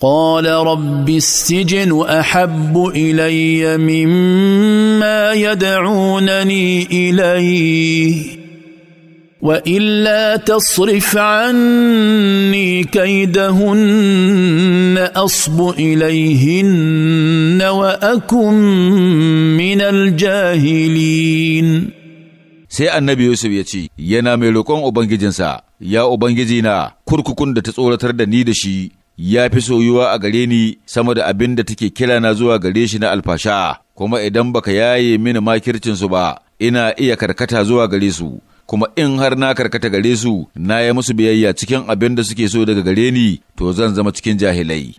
قال رب السجن احب الي مما يدعونني اليه والا تصرف عني كيدهن اصب اليهن واكن من الجاهلين sai annabi Yusuf ya ce, Yana mai roƙon Ubangijinsa, ya Ubangijina, kurkukun da ta tsoratar da ni da shi, ya fi soyuwa a gare ni sama da abin da take kira na zuwa gare shi na alfasha, kuma idan baka yaye mini makircinsu ba, ina iya karkata zuwa gare su, kuma in har na karkata gare su, na yi musu biyayya cikin abin da suke so daga gare ni, to zan zama cikin jahilai.